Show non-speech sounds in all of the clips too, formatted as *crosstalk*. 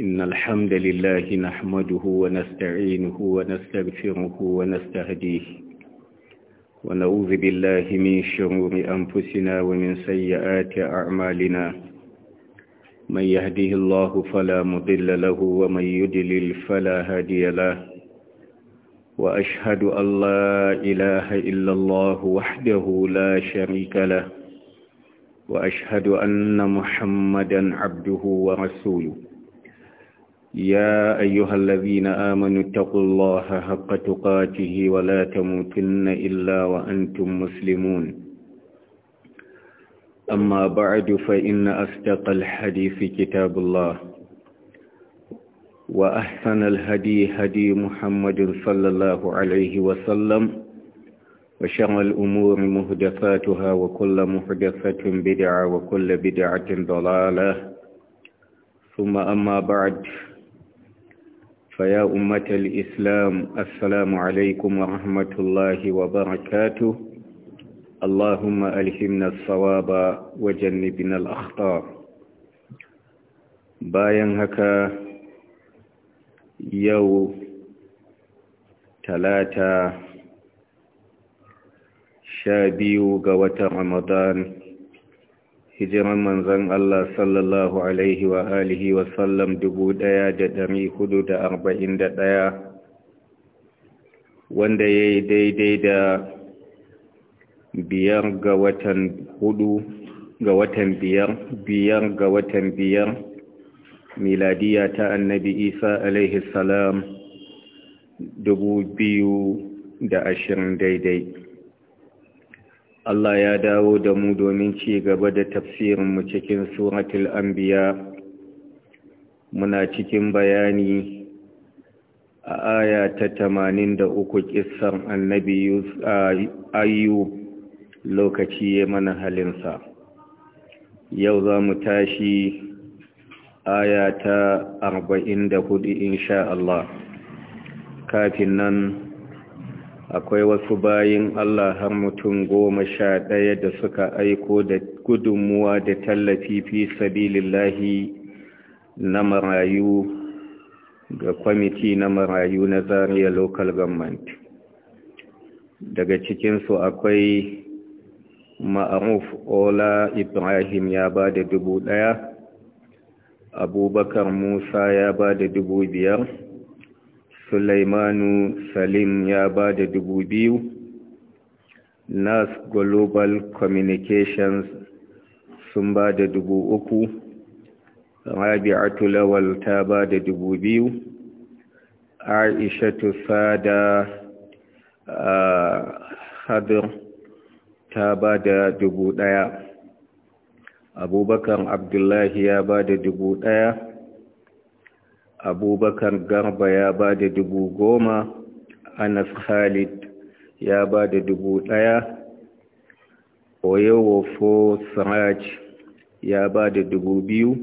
إن الحمد لله نحمده ونستعينه ونستغفره ونستهديه ونعوذ بالله من شرور أنفسنا ومن سيئات أعمالنا من يهده الله فلا مضل له ومن يدلل فلا هادي له وأشهد أن لا إله إلا الله وحده لا شريك له وأشهد أن محمدا عبده ورسوله يا أيها الذين آمنوا اتقوا الله حق تقاته ولا تموتن إلا وأنتم مسلمون أما بعد فإن أصدق الحديث كتاب الله وأحسن الهدي هدي محمد صلى الله عليه وسلم وشر الأمور مهدفاتها وكل مهدفة بدعة وكل بدعة ضلالة ثم أما بعد فيا أمة الإسلام السلام عليكم ورحمة الله وبركاته اللهم ألهمنا الصواب وجنبنا الأخطاء bayan haka yau talata sha biyu ga watan ramadan hijiran manzan Allah sallallahu alaihi wa alihi wa sallam dubu ɗaya da dari hudu da arba'in da ɗaya wanda ya yi daidai da biyar ga watan hudu ga watan biyar biyar ga watan biyar miladiya ta annabi isa alaihi salam dubu biyu da ashirin daidai Allah ya dawo da mu domin ci gaba da tafsirinmu cikin suratul anbiya muna cikin bayani a aya ta tamanin da uku kissan annabi ayyub lokaci ya mana halinsa yau za mu tashi aya ta arba'in da hudu insha Allah kafin nan akwai wasu bayin Allah har mutum goma sha ɗaya da suka aiko da gudunmuwa da tallafi fi sabilillahi na marayu ga kwamiti na marayu na zariya local government daga cikinsu akwai ma'aruf ola ibrahim ya ba da dubu ɗaya abubakar musa ya ba da dubu biyar Sulaimanu Salim ya ba da dubu biyu, Nas Global Communications sun ba da dubu uku, Rabi'atu Lawal ta ba da dubu biyu, Aishatu Sada Hadir ta ba da dubu ɗaya, Abubakar Abdullahi ya ba da dubu ɗaya, abubakar garba ya ba da dubu goma anas khalid ya ba da dubu ɗaya oyewofo saraj ya ba da dubu biyu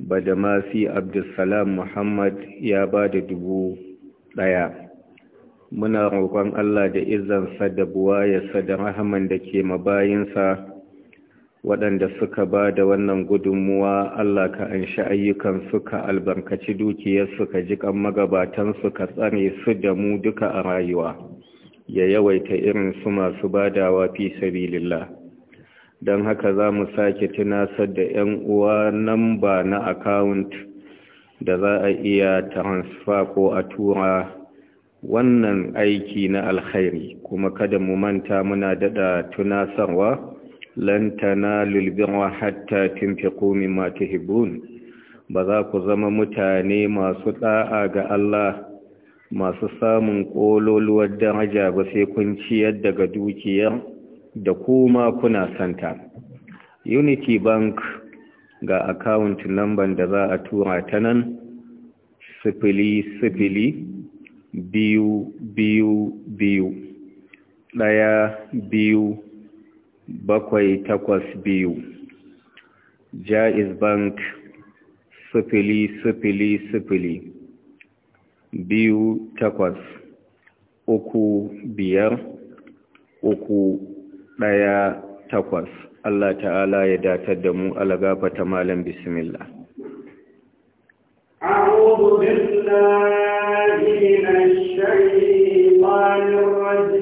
badamasi abdulsalam muhammad ya ba da dubu ɗaya muna roƙon allah da izansa da buwa ya da rahaman da ke mabayinsa waɗanda suka ba da wannan gudunmuwa Allah ka an ayyukan suka albarkaci dukiyarsu ka jiƙan su ka tsare su da mu duka a rayuwa ya yawaita irin su masu badawa fi sabilillah don haka za mu sake tunasar da 'yan uwa nan ba na akawunt da za a iya transfer ko a tura wannan aiki na alkhairi kuma kada mu manta muna daɗa tunasarwa lan tanalul birra hatta tunfiqu mimma tuhibbun ba za ku zama mutane masu da'a ga Allah masu samun kololuwar daraja ba sai kun ciyar daga dukiyar da kuma kuna santa unity bank ga account number da za a tura ta nan sifili sifili biyu biyu biyu ɗaya biyu bakwai takwas biyu jaiz bank sifili sifili sifili biyu takwas uku biyar uku ɗaya takwas Allah ta'ala ya datar da mu alagafa ta malam bismillah أعوذ بالله من الشيطان الرجيم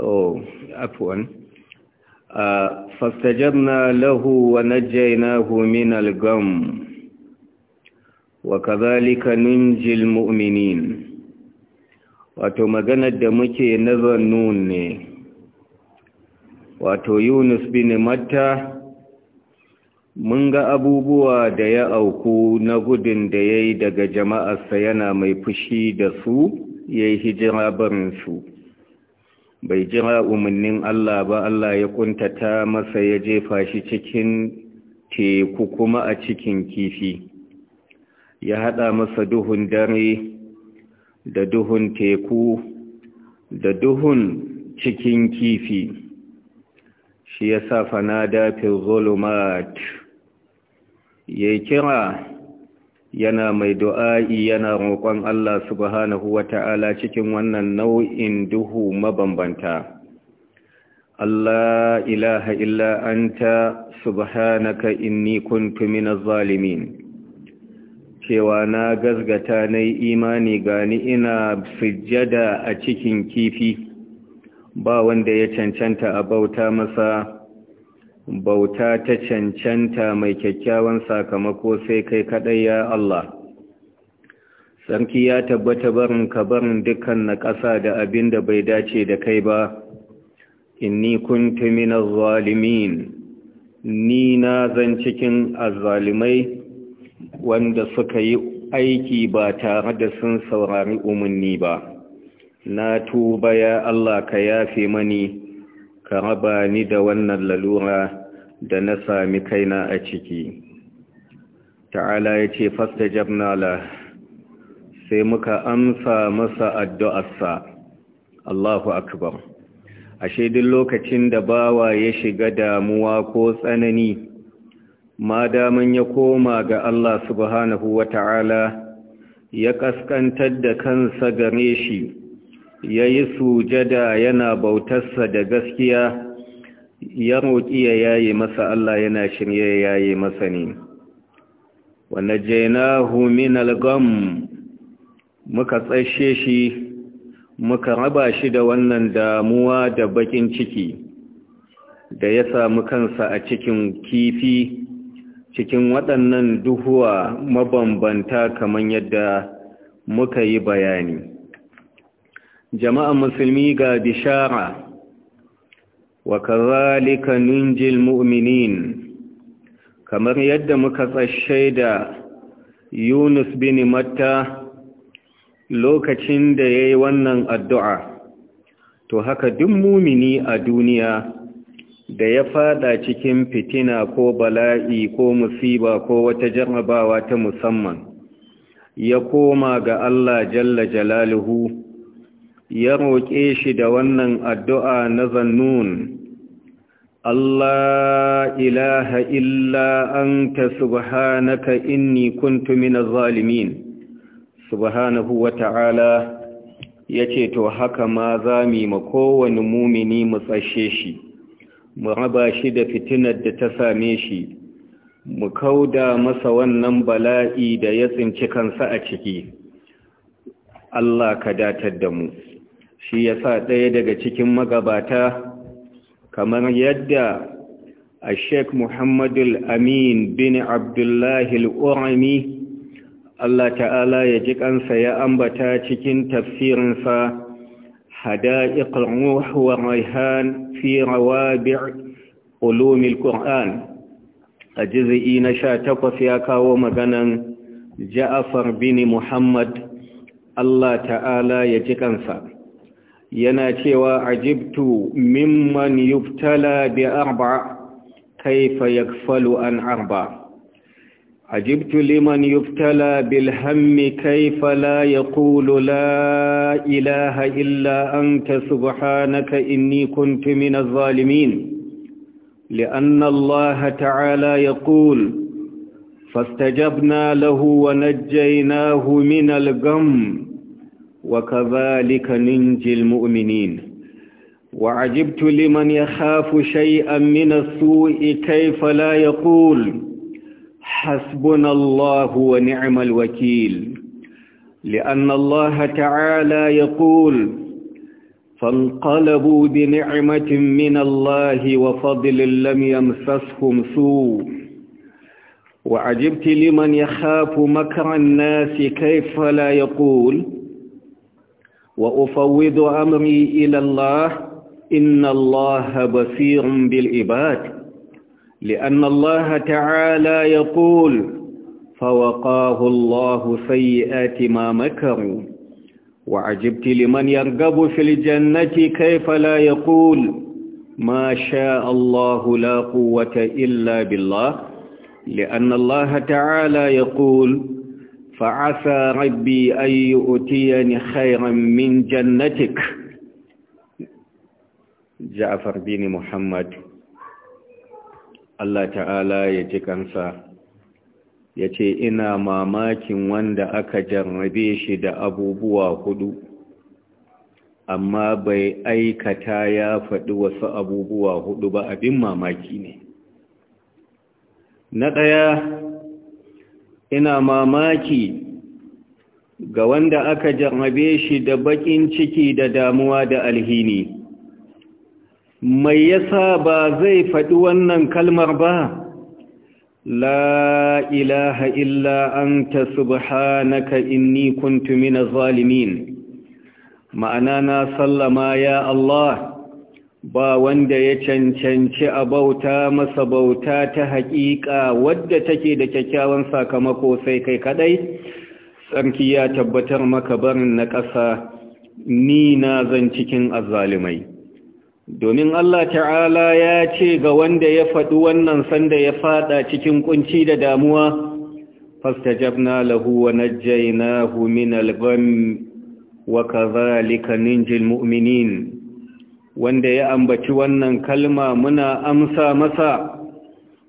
oh afwan فاستجبنا له ونجيناه من الغم وكذلك ننجي المؤمنين wato maganar da muke nazar ne wato yunus bin matta mun ga abubuwa da ya auku na gudun da ya yi daga jama'arsa yana mai fushi da su ya yi hijira barinsu bai jira umarnin Allah ba Allah ya kuntata masa ya jefa shi cikin teku kuma a cikin kifi ya haɗa masa duhun dare da duhun teku da duhun cikin kifi shi ya sa fana dafin zolomat ya kira yana mai du'a'i yana roƙon Allah subhanahu wa ta'ala cikin wannan nau'in duhu mabambanta. Allah ilaha illa anta subhanaka inni kuntu na zalimin. Cewa na gazgata na imani gani ina sujjada a cikin kifi, ba wanda ya cancanta a bauta masa bauta ta cancanta mai kyakkyawan sakamako sai kai kaɗai ya Allah sarki ya tabbata barin ka barin dukkan na ƙasa da abin da bai dace da kai ba inni kun minaz zalimin ni na zan cikin azalimai wanda suka yi aiki ba tare da sun saurari umarni ba na tuba ya Allah ka yafe mani ka raba ni da wannan lalura da na sami kaina a ciki ta'ala ya ce fasta jabnala sai muka amsa masa addu'arsa Allahu akbar ashe duk lokacin da bawa ya shiga damuwa ko tsanani ma daman ya koma ga Allah subhanahu ta'ala) ya ƙasƙantar da kansa gare shi ya yi sujada yana bautarsa da gaskiya ya roƙi ya yaye masa Allah yana shirye ya yaye masa ne wanda jainahu min algam muka tsashe shi muka raba shi da wannan damuwa da bakin ciki da ya samu kansa a cikin kifi cikin waɗannan duhuwa mabambanta kamar yadda muka yi bayani jama'an musulmi ga bishara wa kazalika ninjil mu'minin kamar yadda muka tsashe da Yunus bin Matta lokacin da ya yi wannan addu'a to haka duk mumini a duniya da ya fada cikin fitina ko bala'i ko musiba ko wata jarrabawa ta musamman ya koma ga Allah jalla jalaluhu ya roƙe shi da wannan addu'a na zannun Allah ilaha illa an ta subhanaka inni kuntu mina zalimin subhanahu wa ta'ala ya ce to haka ma za mu ma kowane mumini mu tsashe shi mu raba shi da fitinar da ta same shi mu kauda masa wannan bala'i da ya tsinci kansa a ciki Allah ka datar da mu shi ya sa ɗaya daga cikin magabata kamar yadda a sheik muhammadul amin bin abdullahi al'urami Allah ta'ala ya ji kansa ya ambata cikin tafsirinsa hada ruh raihan fi rawabi' ulumil Qur'an a juz'i na takwas ya kawo maganan Ja'far bin Muhammad Allah ta'ala ya ji kansa yana cewa ajibtu mimman yubtala bi arba kaifa yakfalu an arba ajibtu liman yubtala bil hammi kaifa la yaqulu la ilaha illa anta subhanaka inni kuntu min adh-dhalimin لأن الله تعالى يقول فاستجبنا له ونجيناه من الغم وكذلك ننجي المؤمنين وعجبت لمن يخاف شيئا من السوء كيف لا يقول حسبنا الله ونعم الوكيل لأن الله تعالى يقول فانقلبوا بنعمة من الله وفضل لم يمسسهم سوء وعجبت لمن يخاف مكر الناس كيف لا يقول وأفوض أمري إلى الله إن الله بصير بالعباد لأن الله تعالى يقول فوقاه الله سيئات ما مكروا وعجبت لمن يرغب في الجنة كيف لا يقول ما شاء الله لا قوة إلا بالله لأن الله تعالى يقول فعسى ربي أن يؤتيني خيرا من جنتك جعفر بن محمد Allah ta'ala ya kansa ya ce ina mamakin wanda aka jarrabe shi da abubuwa hudu amma bai aikata ya faɗi wasu abubuwa hudu ba abin mamaki ne na ɗaya ina mamaki ga wanda aka jarrabe shi da bakin ciki da damuwa da alhini mai yasa ba zai faɗi wannan kalmar ba la ilaha illa anta subhanaka inni kuntu minaz zalimin ma'ana na sallama ya Allah ba wanda ya cancanci a bauta masa bauta ta haƙiƙa wadda take da kyakkyawan sakamako sai kai kaɗai, tsarki ya tabbatar maka barin na ƙasa ni na zan cikin azalimai domin Allah ta'ala ya ce ga wanda ya faɗi wannan sanda ya faɗa cikin ƙunci da damuwa Fasta jabna lahu wa najjaynahu min al-gham wa kadhalika ninjil mu'minin wanda ya ambaci wannan kalma muna amsa masa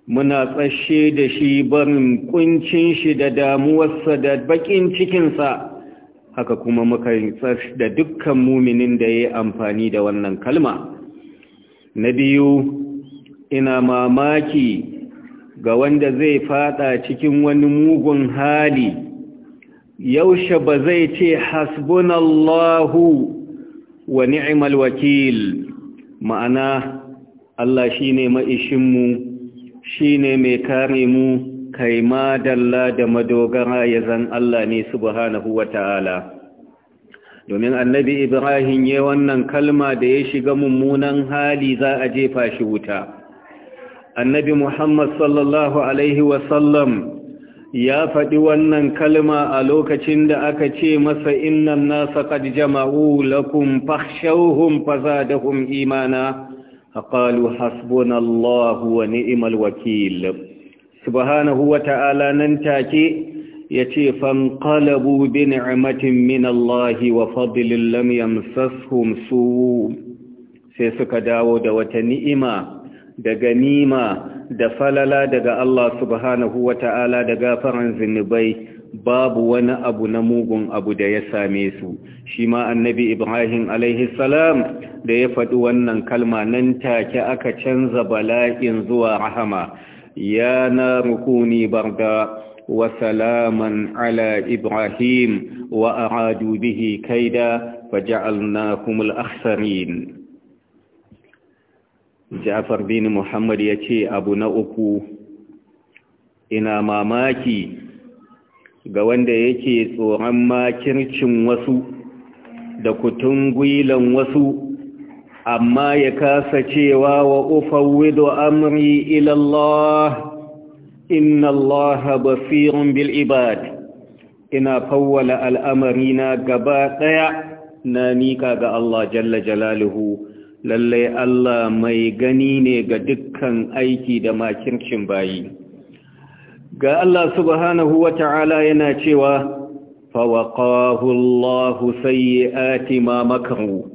muna tsashe da shi barin kuncin shi da damuwarsa da bakin cikinsa haka kuma muka tsashe da dukkan muminin da ya amfani da wannan kalma na biyu ina mamaki ga wanda zai fada cikin wani mugun hali yaushe ba zai ce hasbunallahu wa ni'mal wakil ma'ana Allah shine maishinmu shine mai kare mu kai ma dalla da madogara ya zan Allah ne subhanahu wata'ala domin annabi Ibrahim ya wannan kalma da ya shiga mummunan hali za a jefa shi wuta annabi Muhammad sallallahu alaihi ya faɗi wannan kalma a lokacin da aka ce masa innan nasa sakad jama'u lakum fakhshawhum fazadahum imana faqalu hasbunallahu wa ni'mal wakil subhanahu wa ta'ala nan take yace fanqalabu bi ni'matin min Allah wa fadlin lam yamsashum su sai suka dawo da wata ni'ima da ganima da falala daga Allah subhanahu wa ta'ala da gafaran zunubai babu wani abu na mugun abu da ya same su shi ma annabi ibrahim alaihi salam da ya faɗi wannan kalma nan take aka canza bala'in zuwa rahama ya na rukuni barga wa salaman ala ibrahim wa aradu bihi kaida na kumul aksarin. jafar bin muhammad ya ce abu na uku ina mamaki ga wanda yake tsoron makircin wasu da kutun gwilan wasu amma ya kasa cewa wa ufawwidu amri ila Allah inna Allah basirun bil ibad ina fawwala al'amarina gaba daya na mika ga Allah jalla jalaluhu lallai Allah mai gani ne ga dukkan aiki da makircin bayi ga Allah subhanahu wa ta'ala yana cewa fawaqahu Allahu sayyi'ati ma makaru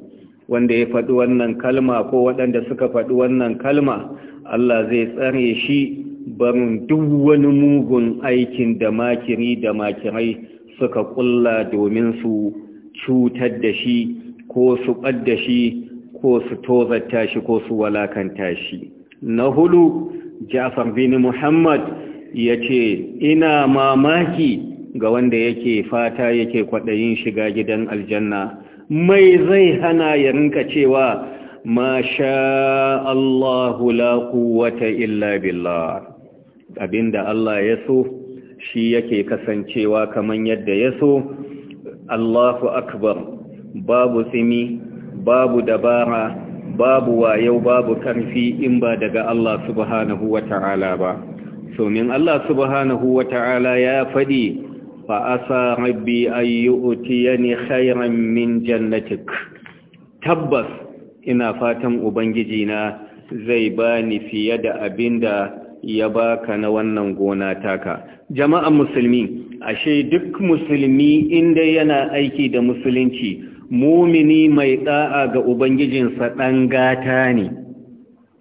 wanda ya faɗi wannan kalma ko waɗanda suka faɗi wannan kalma Allah zai tsare shi barin duk wani mugun aikin da makiri da makirai suka kulla domin su cutar da shi ko su ɓad da shi ko su tozarta shi ko su walakanta shi na hulu jafar bin muhammad ya ce ina mamaki ga wanda yake fata yake kwaɗayin shiga gidan aljanna mai zai hana ya rinka cewa ma sha Allahu la quwwata illa billah abinda Allah ya so shi yake kasancewa kaman yadda ya so Allahu akbar babu tsimi babu dabara babu wayau babu karfi in ba daga Allah subhanahu ba domin Allah subhanahu wata'ala ya faɗi fa asa rabbi ayyutiyani khayran min jannatik tabbas ina fatan ubangiji na zai bani fiye da abinda ya baka na wannan gona taka jama'an musulmi ashe duk musulmi inda yana aiki da musulunci mumini mai da'a ga ubangijinsa ɗan gata ne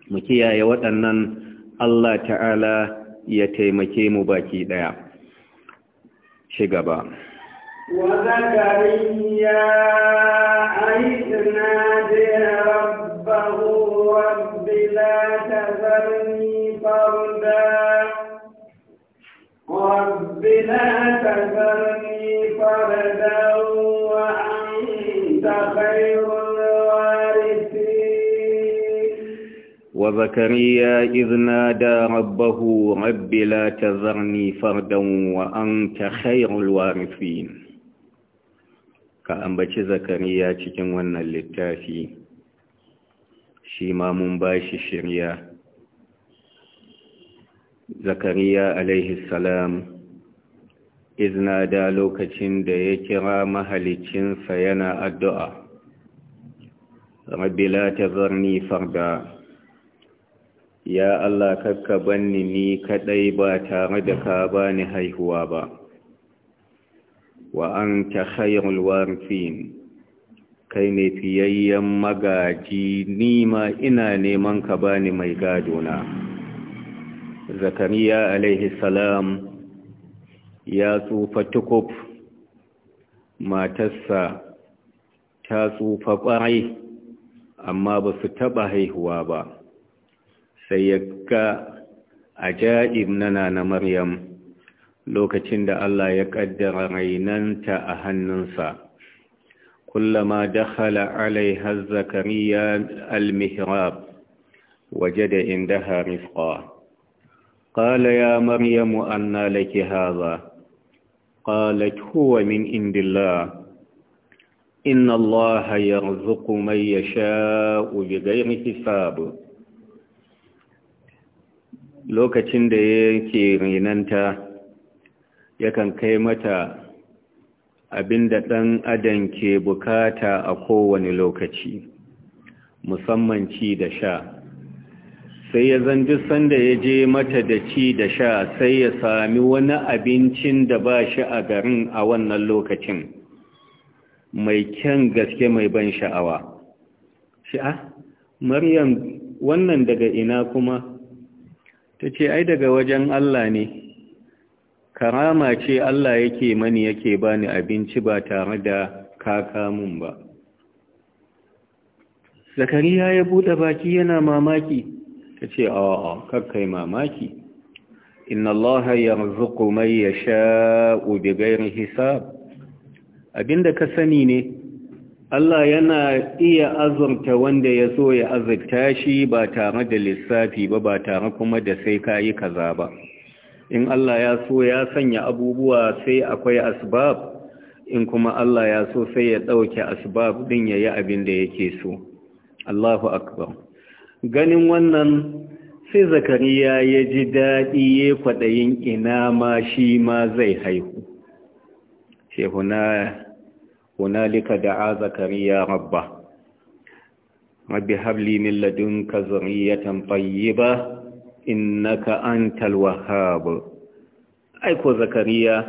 mu kiyaye waɗannan Allah ta'ala ya taimake mu baki ɗaya shi gaba وزكريا إذ نادى ربه رب لا تذرني فردا رب لا تذرني خير الوارثين وزكريا إذ نادى ربه رب لا تذرني فردا وأنت خير الوارثين كأنبتش زكريا تجنون للتافي شيما منباش الشريا زكريا عليه السلام izna lokacin da ya kira mahalicinsa yana addu'a rabbi la zarni farda ya Allah kakka banni ni kadai ba tare da ka bani haihuwa ba wa an ta khairul kai ne fiyayyen magaji ni ma ina neman ka bani mai gadona zakariya alaihi salam ya tsufa tukuf matarsa ta tsufa ƙwarai amma ba su taɓa haihuwa ba sai ya ga a ja'ib nana na maryam lokacin da Allah ya ƙaddara rainanta a hannunsa kullama dakhala alaiha zakariya al-mihrab وجد عندها رزقا ya Maryamu مريم أنى لك haza. قالت هو من عند الله إن الله يرزق من يشاء بغير حساب lokacin da yake rinanta yakan kai mata abinda ɗan adam ke bukata a kowane lokaci musamman ci da sha sai ya zan duk sanda ya je mata da ci da sha sai ya sami wani abincin da ba shi a garin a wannan lokacin mai kyan gaske mai ban sha'awa sha'a ah, maryam wannan daga ina kuma ta ce ai daga wajen Allah ne karama ce Allah yake mani yake bani abinci ba tare da kaka mun ba zakariya ya buɗe baki yana mamaki ta ce a kakkai mamaki inna allaha ya man yasha'u bighairi hisab abinda ka sani ne Allah yana iya azurta wanda ya so ya azurta shi ba tare da lissafi ba ba tare kuma da sai kayi kaza ba in Allah ya so ya sanya abubuwa sai akwai asbab in kuma Allah ya so sai ya dauke asbab din yayi abin da yake so Allahu akbar ganin wannan sai zakariya ya ji daɗi ya kwaɗayin ina ma shi ma zai haihu ce da a zakariya rabba rabbi habli min ladunka zuriyatan tayyiba innaka antal wahhab aiko zakariya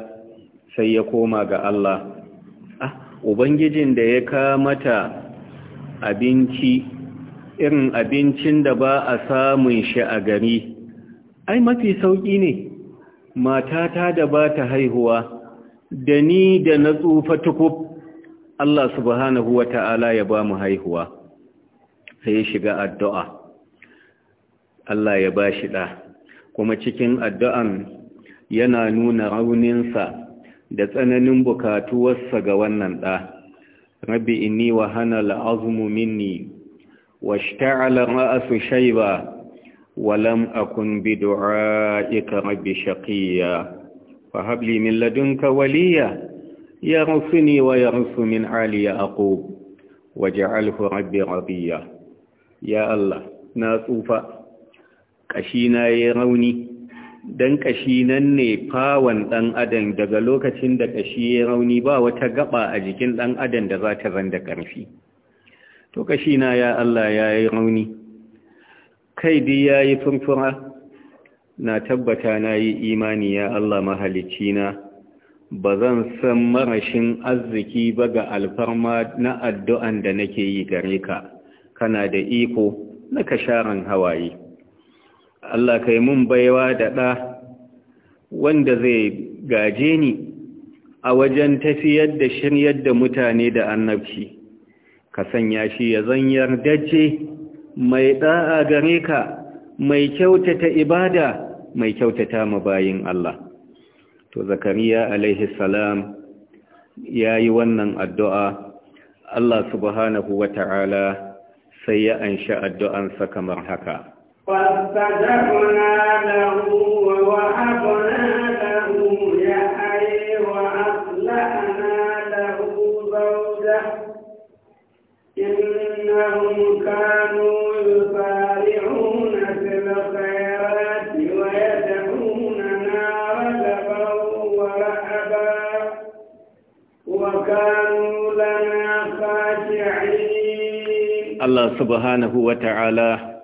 sai ya koma ga Allah ah ubangijin da ya kamata abinci irin abincin da ba a samun shi a gari ai mafi sauƙi ne matata da ba ta haihuwa da ni da na tsufa tukub Allah subhanahu wa ta'ala ya ba mu haihuwa sai shiga addu'a Allah ya ba shi ɗa kuma cikin addu'an yana nuna rauninsa da tsananin bukatuwarsa ga wannan ɗa rabbi inni wa hana la'azumu minni واشتعل رأس شيبة ولم أكن بدعائك رب شقيا فهب لي من لدنك وليا يرثني ويرث من علي أقوب وجعله رب ربيا يا الله ناسوفا كشينا يروني dan kashi nan ne fawon dan adam daga lokacin da kashi ya rauni ba wata gaba a jikin dan adam da za ta zanda karfi to na ya Allah ya yi rauni kai dai ya yi furfura na tabbata na yi imani ya Allah na. ba zan san marashin arziki ba ga alfarma na addu'an da nake yi gare ka kana da iko na kasharan hawaye Allah kai mun baiwa da ɗa wanda zai gaje ni a wajen tafiyar da shiryar da mutane da annabci ka sanya shi ya zanyar dace mai da'a gare ka mai kyautata ibada mai kyautata bayin Allah to zakariya alaihi salam yayi wannan addu'a Allah subhanahu wata'ala sai ya anshi addu'ansa kamar haka فاستجبنا lahu إنهم كانوا يسارعون في الخيرات ويدعوننا رغبا ورهبا وكانوا لنا خاشعين الله سبحانه وتعالى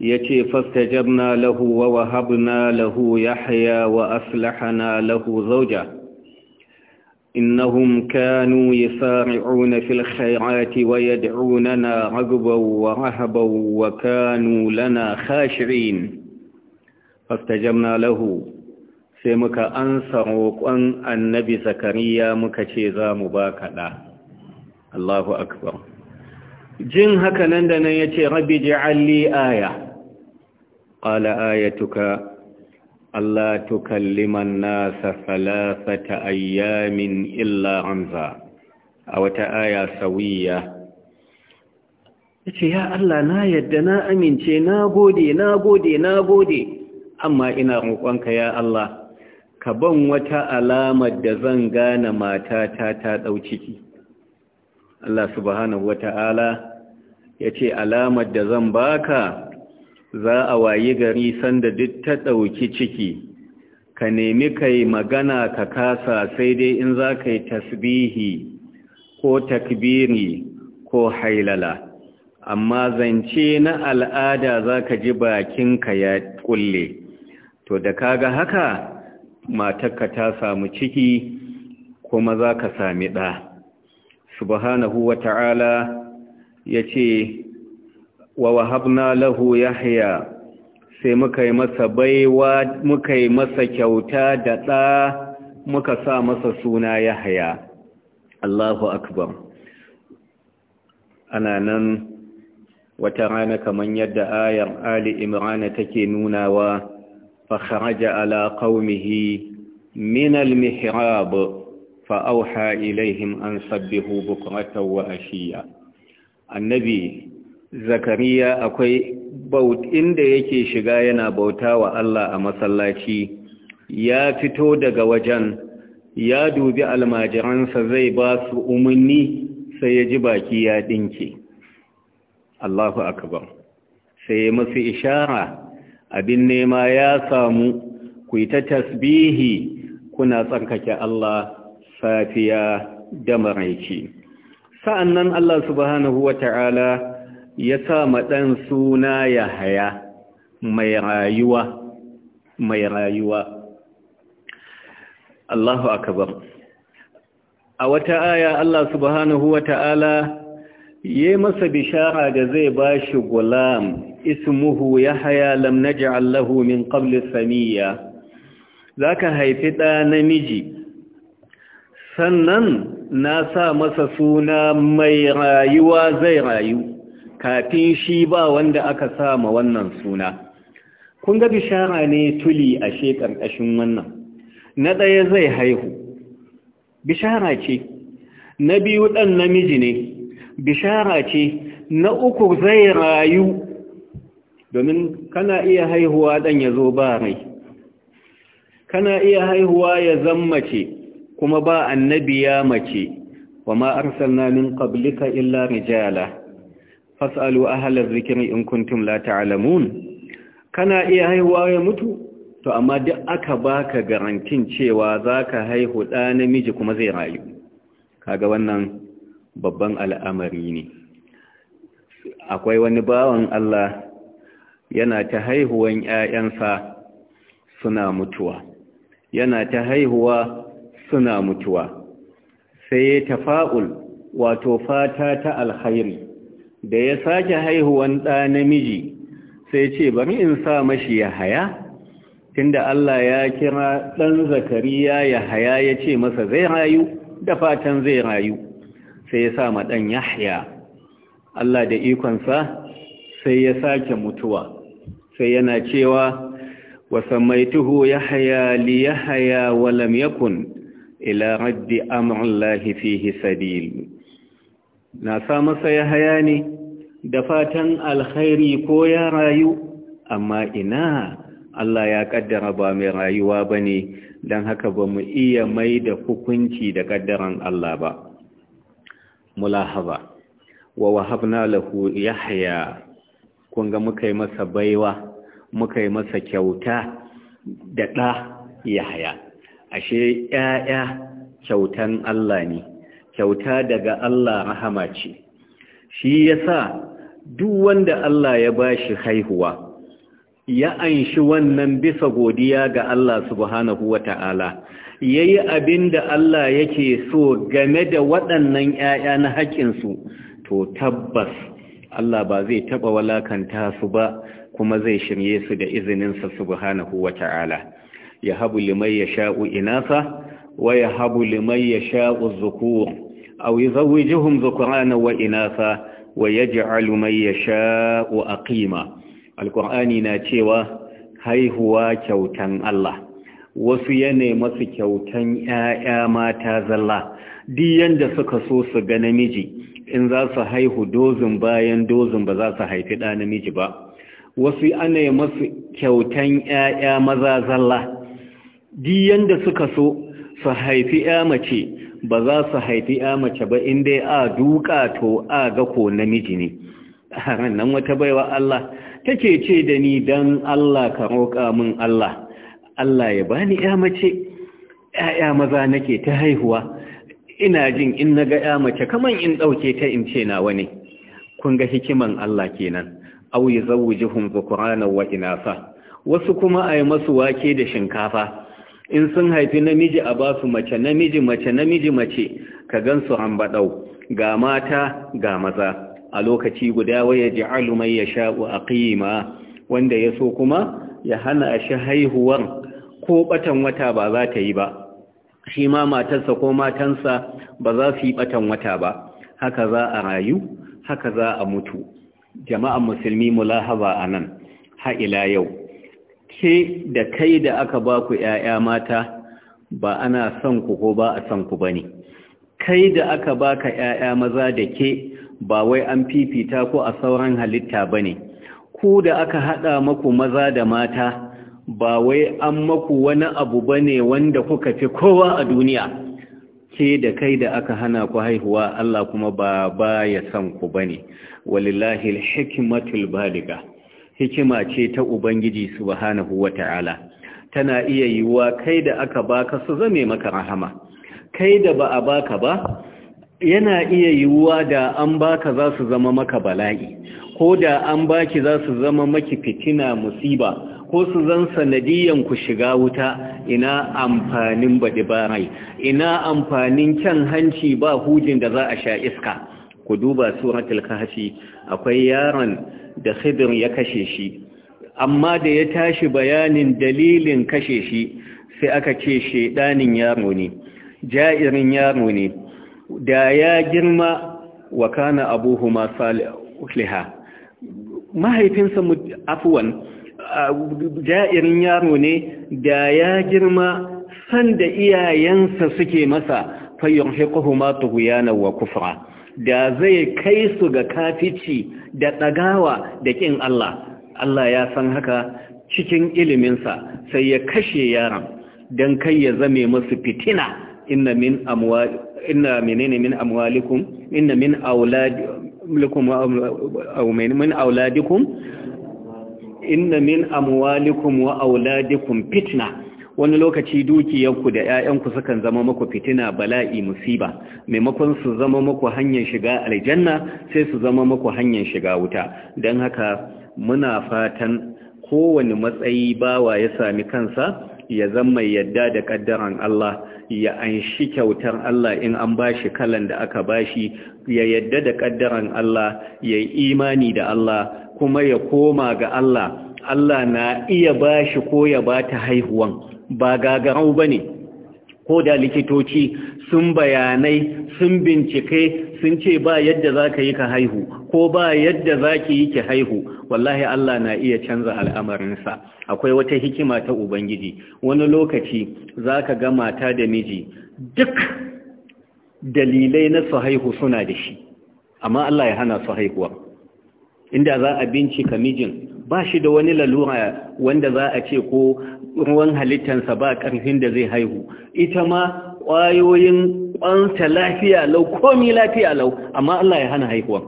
yace فاستجبنا lahu wa wahabna lahu yahya wa aslahana lahu إنهم كانوا يسارعون في الخيرات ويدعوننا رغبا ورهبا وكانوا لنا خاشعين فاستجبنا له سيمك أنصر وقن النبي زكريا مكشيزا مباكدا الله أكبر جن هكذا لندن يتي ربي جعل لي آية قال آيتك Allah tukalliman nasa falafata ayyamin illa amza a wata aya sawiya yace ya Allah na yadda na amince na gode na gode na gode amma ina roƙonka ya Allah ka ban wata alamar da zan gane matata ta ɗau ciki Allah subhanahu ya yace alamar da zan baka za a wayi gari sanda duk ta ɗauki ciki ka nemi kai magana ka kasa sai dai in za ka yi tasbihi ko takbiri ko hailala amma zance na al'ada za ka ji bakinka ya kulle to da kaga haka matakka ta samu ciki kuma za ka sami ɗa subhanahu wa ta'ala ya ce wa wahabna lahu yahya sai muka yi masa baiwa muka yi masa kyauta da ɗa muka sa masa suna yahya Allahu akbar ana nan wata rana kamar yadda ayar Ali imrana take nunawa fa kharaja ala qaumihi min al-mihrab fa auha ilaihim an sabbihu bukratan wa ashiya annabi zakariya akwai baut inda yake shiga yana bauta wa Allah a masallaci ya fito daga wajen ya dubi almajiransa zai ba su umarni sai ya ji baki ya dinke Allahu akbar sai ya musu ishara abin nema ya samu ku ta tasbihi kuna tsankake Allah safiya da maraici sa'annan Allah subhanahu wa ta'ala ya sa maɗan suna ya haya mai rayuwa mai rayuwa Allahu akabar a wata aya Allah subhanahu wa ta'ala yi masa bishara da zai ba shi gulam ismuhu ya haya lam naj'al lahu min qabli samiya zaka haifi ɗa namiji sannan na sa masa suna mai rayuwa zai rayu kafin shi ba wanda aka sa ma wannan suna kun ga bishara ne tuli a ƙashin wannan na ɗaya zai haihu bishara ce na biyu ɗan namiji ne bishara ce na uku zai rayu domin kana iya haihuwa ɗan ya zo ba rai kana iya haihuwa ya mace kuma ba annabi ya mace wa ma arsalna min qablika illa rijala fasalu ahalar zikirin in kuntum la ta'alamun kana iya haihuwa ya mutu to amma duk aka baka garantin cewa za ka haihu ɗa namiji kuma zai rayu kaga wannan babban al'amari ne akwai wani bawan Allah yana ta haihuwan ‘ya'yansa suna mutuwa yana ta haihuwa suna mutuwa sai ya tafa'ul wato fata ta alkhairi. da ya sake haihuwan ɗa namiji sai ce bari in sa mashi ya haya tunda Allah ya kira ɗan zakariya ya haya ya ce masa zai rayu da fatan zai rayu sai ya sa ma ɗan ya haya Allah da ikonsa sai ya sake mutuwa sai yana cewa mai tuho ya haya li ya haya walam yakun ila raddi amrullahi fihi sabil na sa masa ya haya ne da fatan alkhairi ko ya rayu amma ina Allah ya kaddara ba mai rayuwa ba ne don haka ba mu iya mai da hukunci da kaddaran Allah ba mulahaba wa wahabna lahu yahya kun ga muka yi masa baiwa muka yi masa kyauta da ɗa yahya ashe ‘ya'ya kyautan Allah ne kyauta daga Allah rahama ce shi yasa duk wanda Allah ya ba shi haihuwa ya anshi wannan bisa godiya ga Allah subhanahu wata'ala yayi abinda Allah yake so game da waɗannan 'ya'ya na su. to tabbas Allah ba zai taɓa walakanta su ba kuma zai shirye su da izininsa subhanahu wata'ala ya habu liman yasha'u inasa wa ya habu liman yasha'u dhukur aw yuzawwijuhum dhukrana wa inatha wa yaj'alu man yasha'u aqima alqur'ani na cewa haihuwa kyautan Allah wasu ya nema su kyautan ƴaƴa mata zalla duk yanda suka so su ga namiji in za su haihu dozin bayan dozin ba za su haifi ɗa namiji ba wasu ana masu kyautan ƴaƴa maza zalla duk yanda suka so su haifi ƴa mace ba za su haifi ya mace ba inda a duka to a ga ko namiji ne a nan wata baiwa Allah take ce da ni dan Allah ka roƙa min Allah Allah ya bani ya mace ya maza nake ta haihuwa ina jin in naga ya mace kaman in dauke ta in ce nawa ne kun ga hikiman Allah kenan aw yuzawwijuhum dhukrana wa inasa wasu kuma ay masu wake da shinkafa in sun haifi namiji a ba su mace namiji mace namiji mace ka gan su hambaɗau ga mata ga maza a lokaci guda waya ji mai ya sha'u a ƙima wanda ya so kuma ya hana shi haihuwar ko ɓatan wata ba za ta yi ba shi ma matarsa ko matansa ba za su yi ɓatan wata ba haka za a rayu haka za a mutu jama'an musulmi mulahaba a nan ha'ila yau ke da kai da aka ba ku ‘ya'ya mata ba ana son ku ko ba a son ku ba ne kai da aka ba ka ‘ya'ya maza da ke ba wai an fifita ko a sauran halitta ba ne ku da aka haɗa maku maza da mata ba wai an maku wani abu ba ne wanda kuka fi kowa a duniya ke da kai da aka hana ku haihuwa Allah kuma ba ba ya son ku ba ne walillahi hikimatul baliga hikima ce ta ubangiji subhanahu wata'ala tana iya yiwuwa kai da aka baka su zame maka rahama kai da ba a baka ba yana iya yiwuwa da an baka za su zama maka bala'i ko da an baki za su zama maki fitina musiba ko su zan sanadiyan ku shiga wuta ina amfanin baɗi barai ina amfanin kyan hanci ba hujin da za a sha iska ku duba suratul kahfi akwai yaron da khidr ya kashe shi amma da ya tashi bayanin dalilin kashe shi sai aka ce shedanin yaro ne ja'irin yaro ne da ya girma wa kana abuhuma saliha mahaifinsa afwan ja'irin yaro ne da ya girma san da iyayensa suke masa fayyuhiquhuma hikuhuma wa kufra da zai kai su ga kafici da ɗagawa da ƙin Allah Allah ya san haka cikin iliminsa sai ya kashe yaran don kai ya zame masu fitina inna min min amwalikum inna min auladikum wa auladikum fitna wani lokaci dukiyarku da 'ya'yanku sukan zama muku fitina bala'i musiba maimakon su zama muku hanyar shiga aljanna sai su zama muku hanyar shiga wuta don haka muna fatan kowane matsayi bawa ya sami kansa ya zama yadda da ƙaddaran Allah ya anshi kyautar Allah in an ba shi kalan da aka ba shi, ya yadda da ƙaddaran Allah ya yi imani da Allah kuma ya koma ga Allah Allah na iya bashi ko ya bata haihuwan ba gagarau ba ne ko da likitoci sun bayanai sun bincike sun ce ba yadda za ka yi ka haihu ko ba yadda za ki yi ki haihu wallahi Allah na iya canza al'amarinsa akwai wata hikima ta Ubangiji wani lokaci za ka ga mata da miji duk dalilai na su haihu suna da shi amma Allah ya hana su haihuwa inda za a bincika mijin ba shi da wani lalura wanda za a ce ko ruwan halittansa ba ƙarfin da zai haihu ita ma ƙwayoyin ƙwanta lafiya lau komi lafiya lau amma Allah ya hana haihuwa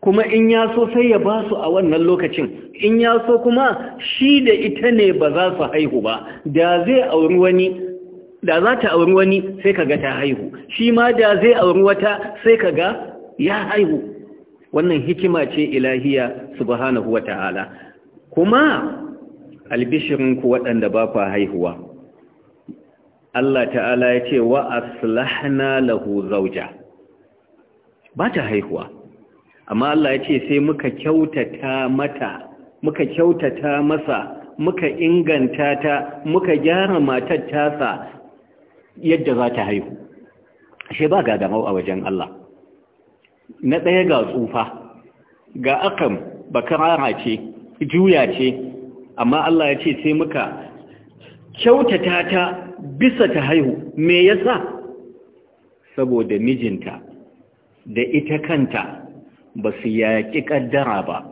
kuma in ya so sai ya ba su a wannan lokacin in ya so kuma shi da ita ne ba za su haihu ba da zai auri wani da za ta auri wani sai ka ga ta haihu shi ma da zai auri wata sai ka ga ya haihu wannan hikima ce ilahiya subhanahu wa ta'ala kuma albishirinku waɗanda ba fa haihuwa Allah ta'ala ya ce wa aslahna lahu zauja ba ta haihuwa amma Allah ya ce sai muka kyautata mata muka kyautata masa muka inganta ta muka gyara matar tasa yadda za ta haihu ashe ba gadamau a wajen Allah na ɗaya ga tsufa ga akan bakarara ce juya ce amma Allah ya ce sai muka kyautata ta bisa ta haihu me yasa saboda mijinta da ita kanta ba su yaƙi ƙaddara ba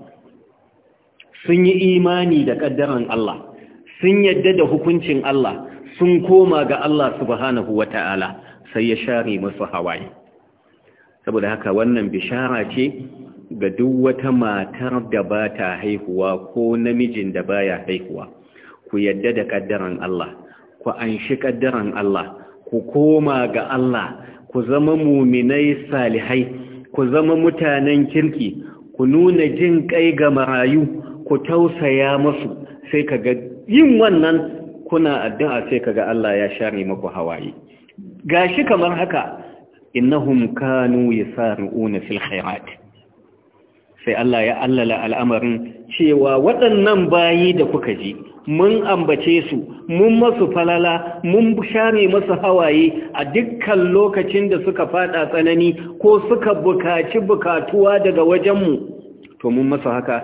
sun yi imani da ƙaddaran Allah sun yadda da hukuncin Allah sun koma ga Allah subhanahu wata'ala sai ya share musu hawaye saboda haka wannan bishara ce ga duk wata matar da ba ta haihuwa ko namijin da baya haihuwa ku yadda da kaddaran Allah ku anshi kaddaran Allah ku koma ga Allah ku zama muminai salihai ku zama mutanen kirki ku nuna jin kai ga marayu ku tausaya musu sai kaga yin wannan kuna addu'a sai kaga Allah ya share maku hawaye gashi kamar haka innahum kanu yasar'una fil khairat sai Allah ya allala al'amarin cewa waɗannan bayi da kuka ji mun ambace su mun masu falala mun share masu hawaye a dukkan lokacin da suka fada tsanani ko suka bukaci bukatuwa daga wajenmu to mun masu haka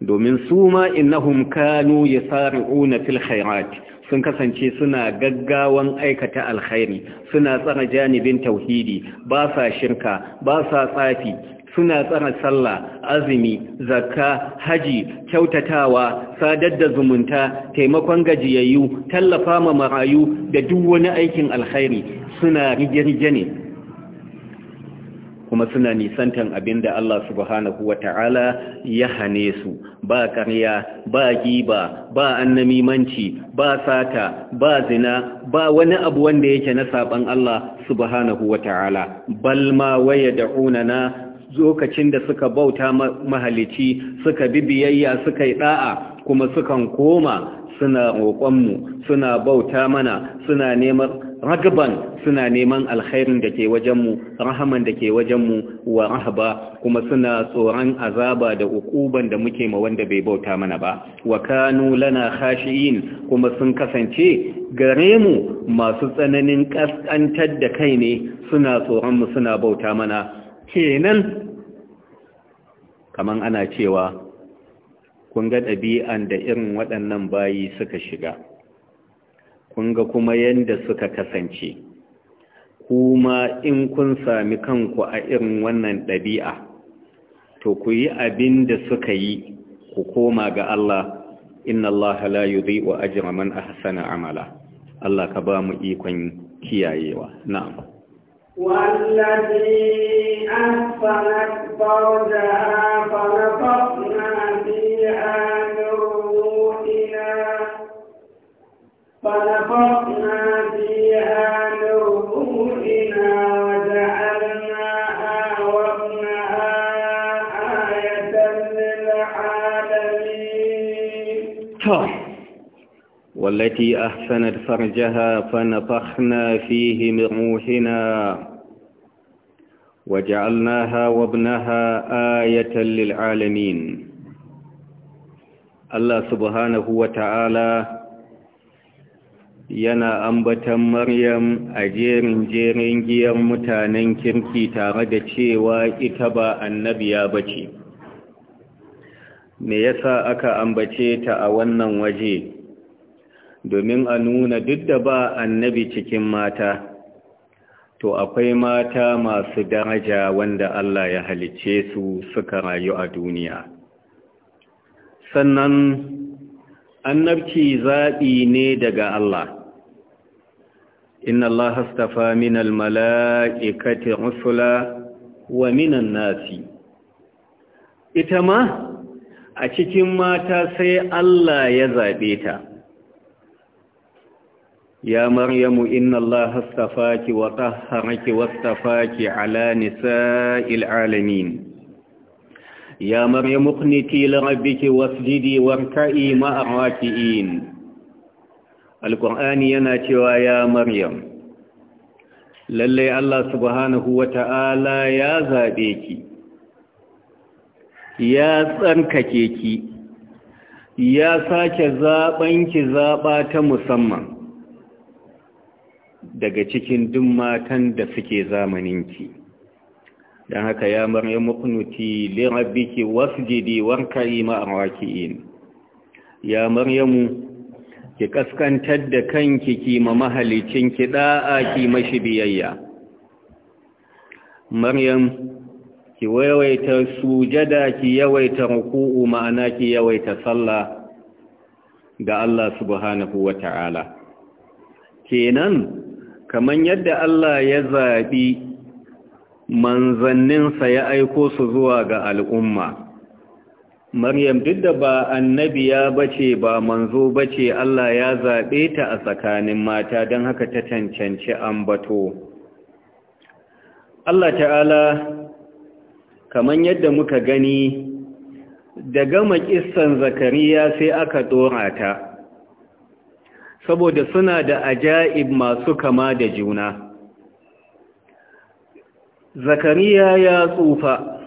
domin su ma innahum kanu yasar'una fil khairat sun kasance suna gaggawan aikata alkhairi suna tsara janibin tauhidi ba sa shirka ba sa tsafi suna tsara sallah azumi zakka haji kyautatawa sadar da zumunta taimakon gajiyayyu tallafa ma marayu da duk wani aikin alkhairi suna rige-rige ne kuma suna nisantan abin da Allah subhanahu wa ta'ala ya hane su ba ƙarya ba giba ba annamimanci ba sata ba zina ba wani abu wanda yake na saban Allah subhanahu wa ta'ala bal ma waya da'unana lokacin da suka bauta mahalici suka bi biyayya suka yi ɗa'a, kuma sukan koma suna roƙonmu suna bauta mana suna neman ragaban suna neman alkhairin da ke wajenmu rahaman da ke wajenmu wa rahaba kuma suna tsoron azaba da ukuban da muke ma wanda bai bauta mana ba wa kanu lana khashiyin kuma sun kasance gare mu masu tsananin kaskantar da kai ne suna tsoron mu suna bauta mana kenan kaman ana cewa kun ga ɗabi'an da irin waɗannan bayi suka shiga kun ga kuma yadda suka kasance kuma in kun sami kanku a irin wannan ɗabi'a to ku yi abin da suka yi ku koma ga Allah inna Allah la yudhi'u ajra man ahsana amala Allah ka ba mu ikon kiyayewa na'am والذي أحسنت فرجها فنفخنا فيها من روحنا فنفخنا فيها من روحنا والتي أحسنت فرجها فنفخنا فيه من روحنا وجعلناها وابنها آية للعالمين الله سبحانه وتعالى yana ambatan Maryam a jerin jerin giyar mutanen kirki tare da cewa ita ba annabiya bace me yasa aka ambace ta a wannan waje domin a nuna duk da ba annabi cikin mata to akwai mata masu daraja wanda Allah ya halicce su suka rayu a duniya sannan annabci zaɓi ne daga Allah inna Allah astafa min almala'ikati rusula wa minan nasi ita ma a cikin mata sai Allah ya zaɓe ta Ya Maryamu inna Allah astafaki wa tahharaki wastafaki ala nisa'il alamin Ya Maryamu qniti li rabbiki wasjidi warka'i ma'a raki'in Al-Qur'ani yana cewa ya Maryam lalle Allah subhanahu wa ta'ala ya zaɓe ki ya tsankake ki ya sake zaɓanki zaɓa ta musamman daga cikin duk matan da suke zamanin zamaninki don haka ya maryam muqnuti li rabbiki wasjidi warka'i ma'a raki'in ya mu, ki kaskantar da kanki ki ma mahalicin ki da'a ki mashi biyayya maryam ki yawaita sujada ki yawaita ruku'u ma'ana ki yawaita sallah ga Allah subhanahu ta'ala kenan Kaman yadda Allah ya zaɓi manzanninsa ya aiko su zuwa ga al'umma Maryam duk da ba annabiya bace ba manzo bace Allah ya zaɓe ta a tsakanin mata don haka ta cancanci ambato. Allah ta'ala kamar yadda muka gani da gama ƙissan zakariya sai aka ɗora ta saboda suna da ajaib masu kama da juna zakariya ya tsufa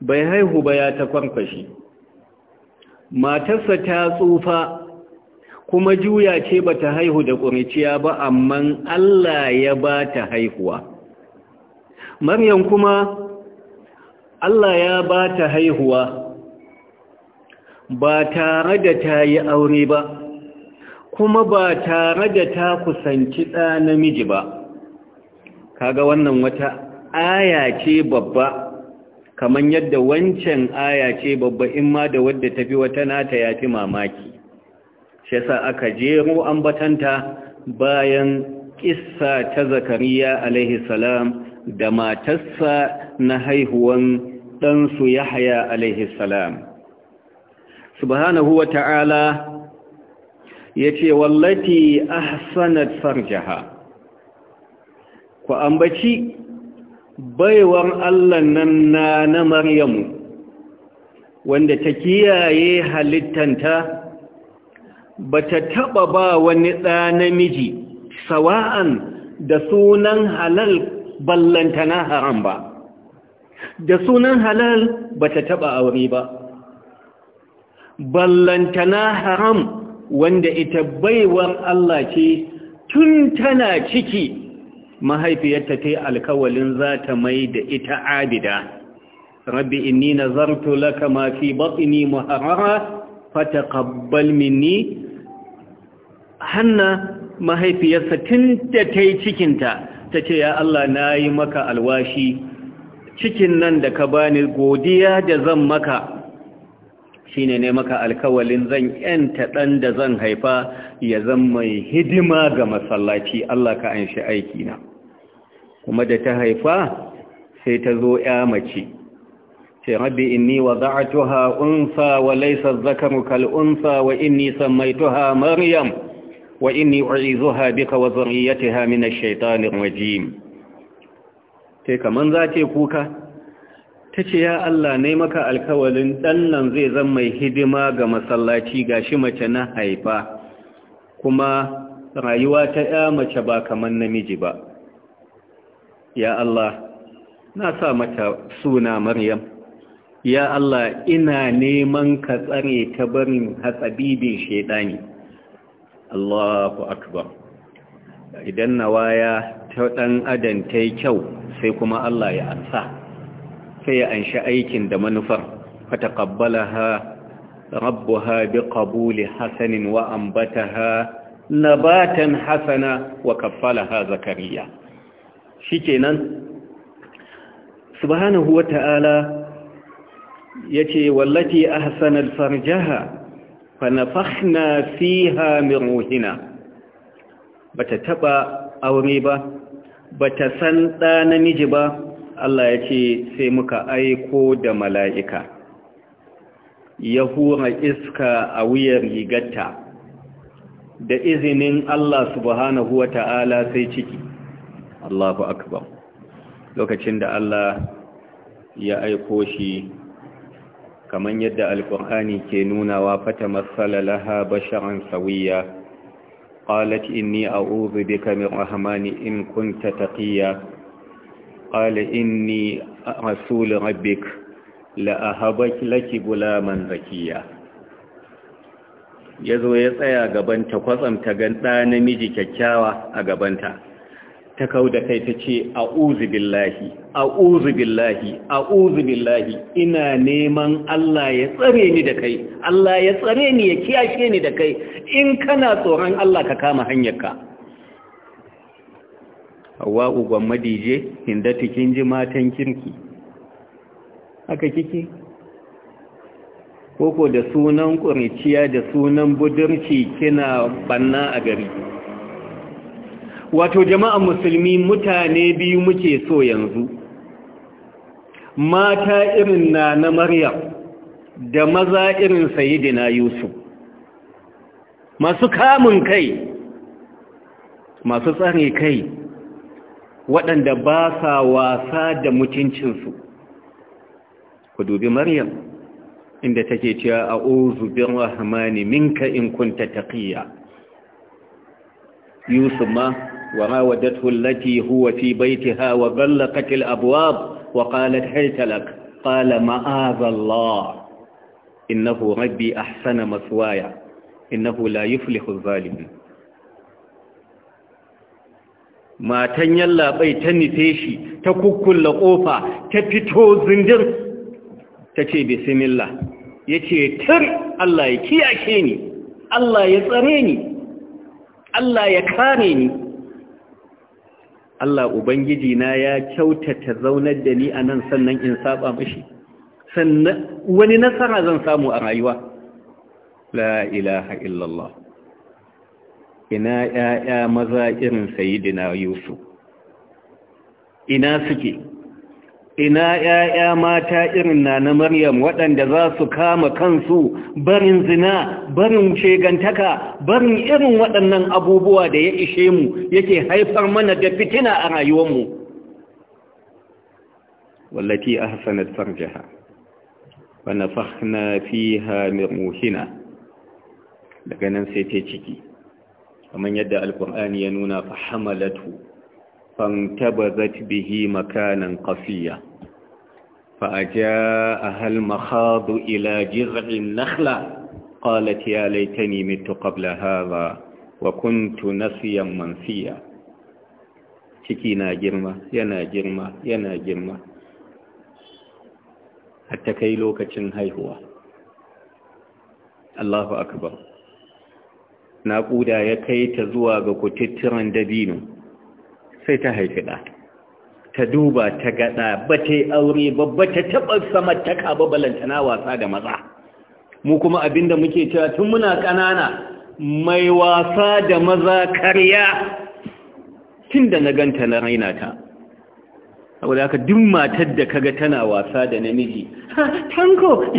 bai haihu ba ya ta matarsa ta tsufa kuma juya ce ba ta haihu da ƙuriciya ba amma Allah ya ba ta haihuwa maryam kuma Allah ya ba ta haihuwa ba tare da ta yi aure ba kuma ba tare da ta kusanci ɗa namiji ba kaga wannan wata aya ce babba kamar yadda wancan aya ce babba in ma da wadda tafi wata nata ya fi mamaki shi sa aka jero ambatanta bayan ƙissa ta zakariya alaihi salam da matarsa na haihuwan ɗansu yahaya alaihi salam subhanahu wa ta'ala Ya ce wallati ahsanat farjaha ku ambaci baiwar Allah nan na na Maryamu wanda ta kiyaye halittanta bata taɓa ba wani ɗa namiji sawa'an da sunan halal ballantana haram ba da sunan halal bata taɓa aure ba ballantana haram wanda ita baiwar Allah ce tun tana ciki mahaifiyarta ta yi alkawalin za ta mai da ita abida rabbi inni nazartu laka ma fi batni muharrara fataqabbal minni hanna mahaifiyarsa tun da ta yi cikinta ta ce ya Allah na yi maka alwashi cikin nan da ka bani godiya da zan maka Shi ne maka alkawalin zan yanta ɗan da zan haifa ya zan mai hidima ga masallaci Allah ka anshi aiki na kuma da ta haifa sai ta zo ya mace sai rabbi inni wada'tuha unsa wa laysa Zakaru dhakaru kal unsa wa inni sammaytuha maryam wa inni u'izuha bika wa dhurriyyataha min ash-shaytanir rajim sai kaman zace kuka ta ce ya Allah ne maka alkawalin ɗan nan zai zan mai hidima ga masallaci ga shi mace na haifa kuma rayuwa ta ya mace ba kamar namiji ba ya Allah na sa mata suna maryam ya Allah ina neman ka tsare ta barin hatsabibin shaidani Allahu akbar idan nawaya ta ɗan adam ta yi kyau sai kuma Allah ya ansa sai ya anshi aikin da manufar fataqabbalaha rabbuha biqabuli hasanin wa ambataha nabatan hasana wa kaffalaha zakariya kenan subhanahu wa ta'ala yace wallati ahsanal farjaha fi fiha min Ba bata taɓa aure ba bata san ɗa namiji ba Allah ya ce sai muka aiko da mala'ika ya hura iska a wuyar rigarta da izinin Allah subhanahu wa ta'ala sai ciki Allahu akbar lokacin da Allah ya aiko shi kamar yadda alkur'ani ke nuna wa fata matsala laha basharan sawiya qalat inni a'udhu bika min rahmani in kunta tafiya. قال إني رسول ربك لأهبك لك غلاما زكيا yazo ya tsaya gabanta kwatsam ta gan ɗa namiji kyakkyawa a gabanta ta kauda kai ta ce a'udhu billahi a'udhu billahi a'udhu billahi ina neman Allah ya tsare ni da kai Allah ya tsare ni ya kiyashe ni da kai in kana tsoron Allah ka kama hanyarka wa’u gwamma dije inda tukin ji matan kirki haka kike koko da sunan ƙuriciya da sunan budurci kina banna a gari wato jama'an musulmi mutane biyu muke so yanzu mata irin na na maryam da maza irin sayidina yusuf masu kamun kai masu tsare kai waɗanda ba sa wasa da mutuncinsu ku dubi maryam inda take cewa a ozu bin rahmani minka in kunta taqiya yusuf ma wa rawadathu allati huwa fi baytiha hawa ghalqat al-abwab wa qalat hayta lak qala ma'adha allah innahu rabbi ahsana maswaya innahu la yuflihu adh-dhalimun matan yallaɓai ta nufe shi ta kukkulla ƙofa ta fito zindir ta ce bismillah ya ce Allah ya kiyashe ni Allah ya tsare ni Allah ya kare ni Allah Ubangiji na ya kyautata zaunar da ni anan sannan in saba mashi sannan wani nasara zan samu a rayuwa la ilaha illallah ina ‘ya'ya maza irin sayidina yusuf ina suke ina ‘ya'ya mata irin na maryam waɗanda za su kama kansu barin zina barin shegantaka barin irin waɗannan abubuwa da ya ishe mu yake haifar mana da fitina a rayuwarmu wallati a hasanar farjaha ونفخنا fiha من روحنا daga nan sai ta ciki kamar yadda alkur'ani ya nuna fa hamalatu fantabazat bihi makanan qasiya fa ajaa hal makhadu ila jiz'in nakhla qalat ya laitani mitu qabla hadha wa kuntu nasiyan mansiya ciki na girma yana girma yana girma hatta kai lokacin haihuwa Allahu akbar naƙuda ya kai ta zuwa ga kututturan dabino sai ta haifi ɗa ta duba ta gaɗa ba ta yi aure ba ba ta taɓa sama ta kaba balantana wasa da maza mu kuma abinda muke cewa tun muna ƙanana mai wasa da maza karya tun da na ganta na raina ta saboda haka duk matar da kaga tana wasa da namiji tanko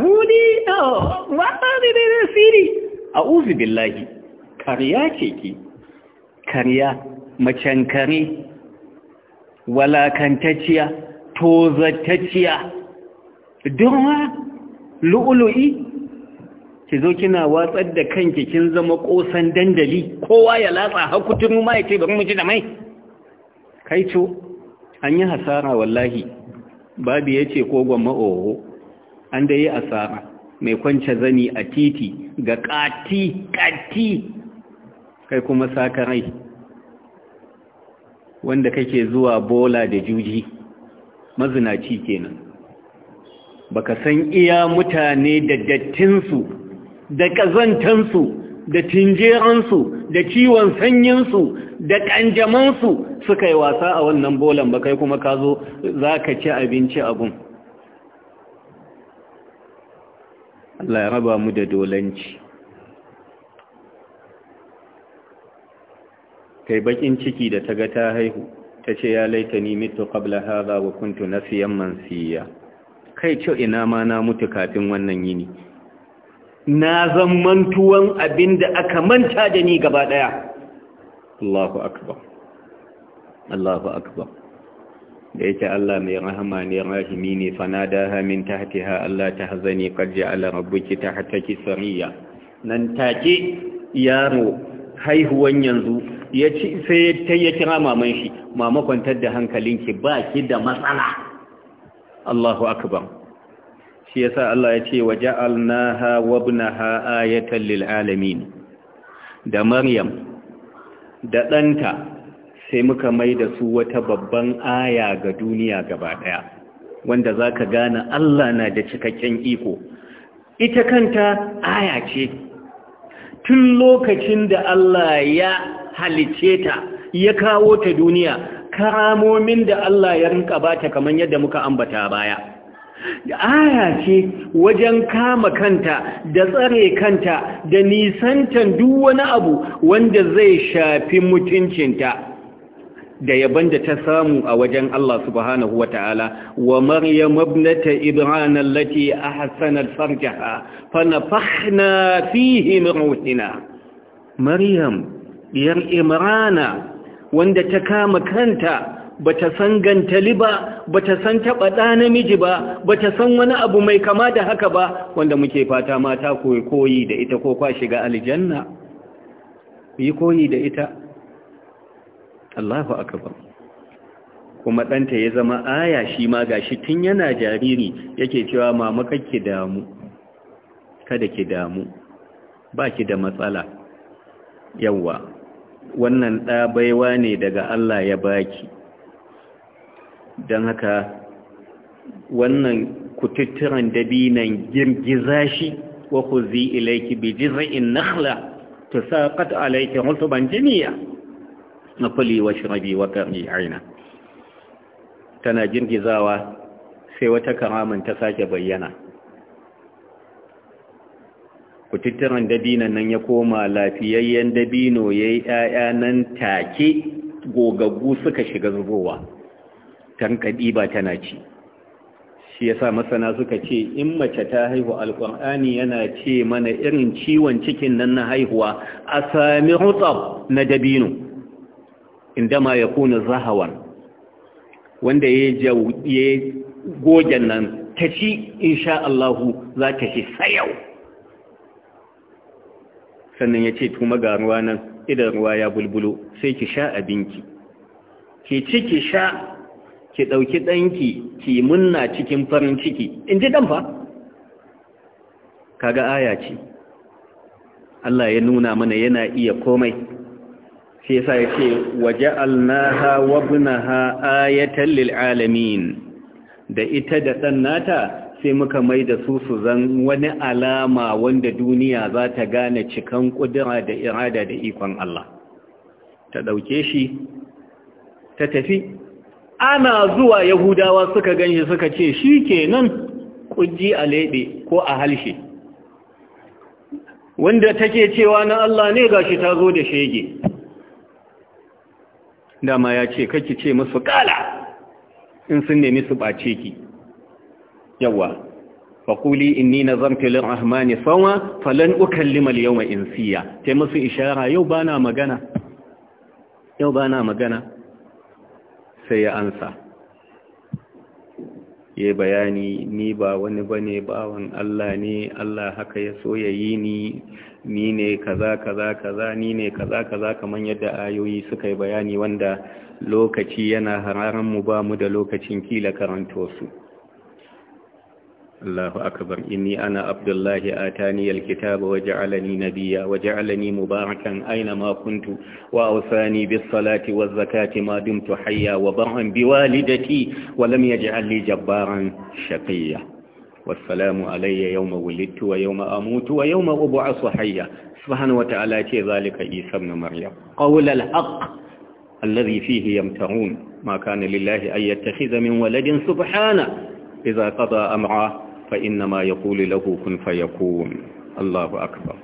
wuri *laughs* oh, wasa da siri a'udhu billahi kariya ce ki kariya macen kare walakantacciya tozattacciya durwa lu'ulu'i ki zo kina watsar da kanki kin zama kosan dandali kowa ya latsa hakutun ma ya ce bari mu ji da mai kai co an yi hasara wallahi babu ya ce kogon ma'oho an da yi asara mai kwance zani a titi ga kati-kati. kai kuma sakarai wanda kake zuwa bola da juji mazinaci kenan baka san iya mutane da dattinsu da su da tinjeransu da ciwon sanyinsu da ƙanjamansu suka yi wasa a wannan bolan ba kai kuma ka zo za ka ci abinci abun Allah ya raba mu da dolanci kai bakin ciki da ta ga ta haihu ta ce ya laitani mitu qabla hadha wa kuntu nasiyan mansiya kai ce ina ma na mutu kafin wannan yini na zan mantuwan abinda aka manta da ni gaba daya Allahu akbar Allahu akbar da yake Allah mai rahama ne rahimi ne fanadaha min tahtiha Allah tahzani qad ja'ala rabbuki tahtaki sariya nan take yaro haihuwan yanzu ya ci sai ya kira maman shi mama kwantar da hankalinki ba ki da matsala Allahu akbar shi yasa Allah ya ce waja'alnaha wabnaha ayatan lil alamin da Maryam da ɗanta sai muka mai da su wata babban aya ga duniya gaba ɗaya wanda za ka gane Allah na da cikakken iko ita kanta aya ce tun lokacin da Allah ya halice ta ya kawo ta duniya karamomin da Allah ya rinka bata kamar yadda muka ambata baya aya ce wajen kama kanta da tsare kanta da nisantan duk wani abu wanda zai shafi mutuncinta da yaban da ta samu a wajen Allah subhanahu wata'ala wa maryam ibnata ibrahim allati ahsanat farjaha fa nafakhna fihi min ruhina maryam diyar imrana wanda ta kama kanta bata san gantali ba bata san taba da namiji ba bata san wani abu mai kama da haka ba wanda muke fata mata koyi koyi da ita ko kwa shiga aljanna yi koyi da ita Allahu akbar kuma ɗanta ya zama aya shi ma gashi tun yana jariri yake cewa mama kake damu kada ki damu ba ki da matsala yawa wannan ɗabaiwa ne daga Allah ya baki don haka wannan kututturan dabinan girgiza shi wa ku zi ilaiki bi jiza'in nakhla tusaqat alayki rutuban jiniya. na kuli wa shirabi wa karni aina tana girgizawa sai wata karamin ta sake bayyana kututturan dabinan nan ya koma lafiyayyen dabino ya yi ‘ya'ya nan take gogaggu suka shiga zubowa tankaɗi ba tana ci shi ya sa masana suka ce in mace ta haihu alƙur'ani yana ce mana irin ciwon cikin nan na haihuwa a sami rutsar na dabino indama ya kuna zahawan wanda ya jauye gogen nan ta ci insha Allahu za ta ci sayau sannan ya ce kuma ga ruwa nan idan ruwa ya bulbulo sai ki sha abinki ki ci ki sha ki ɗauki ɗanki ki munna cikin farin ciki in ji ɗanfa kaga aya ce Allah ya nuna mana yana iya komai shi yasa yace waja'alnaha wa ibnaha ayatan lil alamin da ita da sannata sai muka mai da su su zan wani alama wanda duniya za ta gane cikan kudura da irada da ikon Allah ta dauke shi ta tafi ana zuwa yahudawa suka ganshi suka ce shi kenan kujji a lebe ko a halshe wanda take cewa na Allah ne gashi ta zo da shege dama ya ce kake ce musu kala in sun nemi su ɓace ki yawa faƙuli inni na zamfilin rahmani sawa falon ukallima yau insiya ta musu ishara yau bana magana yau ba na magana sai ya ansa ya bayani ni ba wani bane bawan Allah ne Allah haka ya so ya yi ni ni ne kaza kaza kaza ni ne kaza kaza kaman yadda ayoyi suka yi bayani wanda lokaci yana hararan mu ba mu da lokacin kila karanto الله أكبر إني أنا عبد الله آتاني الكتاب وجعلني نبيا وجعلني مباركا أينما كنت وأوصاني بالصلاة والزكاة ما دمت حيا وبرا بوالدتي ولم يجعل لي جبارا شقيا والسلام علي يوم ولدت ويوم أموت ويوم أبعث حيا سبحانه وتعالى ذلك عيسى ابن مريم قول الحق الذي فيه يمترون ما كان لله أن يتخذ من ولد سبحانه إذا قضى أمرا فإنما يقول له كن فيكون Allahu أكبر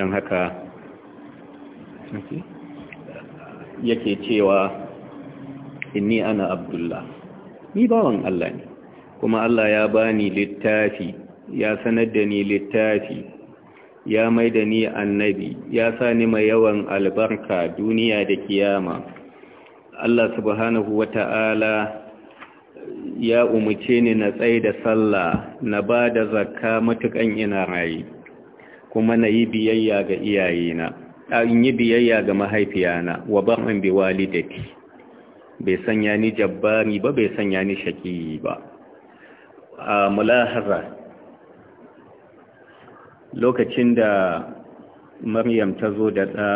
don haka yake cewa inni ana abdullah ni bawan Allah ne kuma Allah ya bani littafi ya sanar da ni littafi ya mai da ni annabi ya sa ni mai yawan albarka duniya da kiyama Allah subhanahu wa ta'ala ya umuce ni na tsaye da sallah na ba da zakka matukan ina rayu kuma na yi biyayya ga iyayena in yi biyayya ga mahaifiyana wa ba'in bi walidati bai sanya ni jabbari ba bai sanya ni shaki ba a mulahaza lokacin da maryam ta zo da ɗa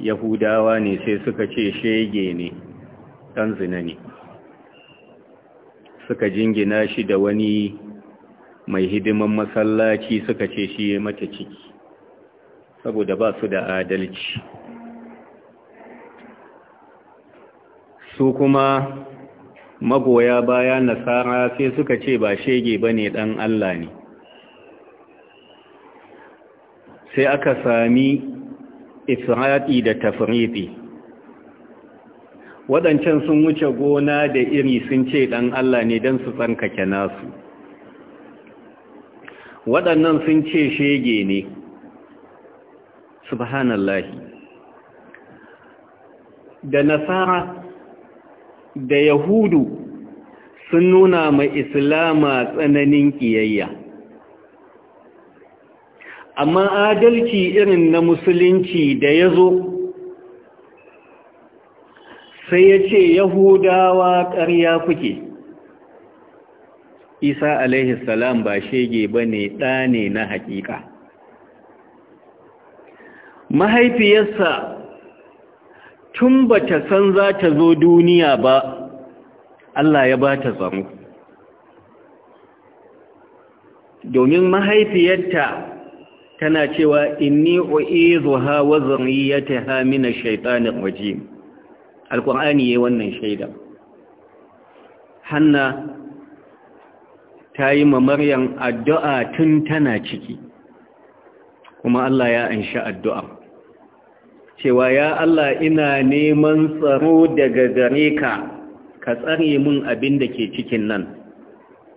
yahudawa ne sai suka ce shege ne ɗan zina ne suka jingina shi da wani mai hidiman masallaci suka ce shi ya mata ciki saboda ba su da adalci su kuma magoya baya nasara sai suka ce ba shege ba ne ɗan Allah ne sai aka sami ifrati da tafriɗi waɗancan sun wuce gona da iri sun ce ɗan Allah ne don su tsankake nasu waɗannan sun ce shege ne subhanallahi da nasara da yahudu sun nuna ma islama tsananin ƙiyayya amma adalci irin na musulunci da ya zo sai ya ce yahudawa ƙarya kuke isa alaihi salam ba shege ba ne ɗa ne na haƙiƙa mahaifiyarsa tun ba ta san za ta zo duniya ba Allah ya ba ta tsaro domin mahaifiyarta tana cewa inni u'izuha yi ya ta hamina shaitanin wajen alkur'ani ya yi wannan shaida hanna ta yi mamaryan addu'a tun tana ciki kuma Allah ya anshi addu'a cewa ya Allah ina neman tsaro daga gare ka ka tsare mun abin da ke cikin nan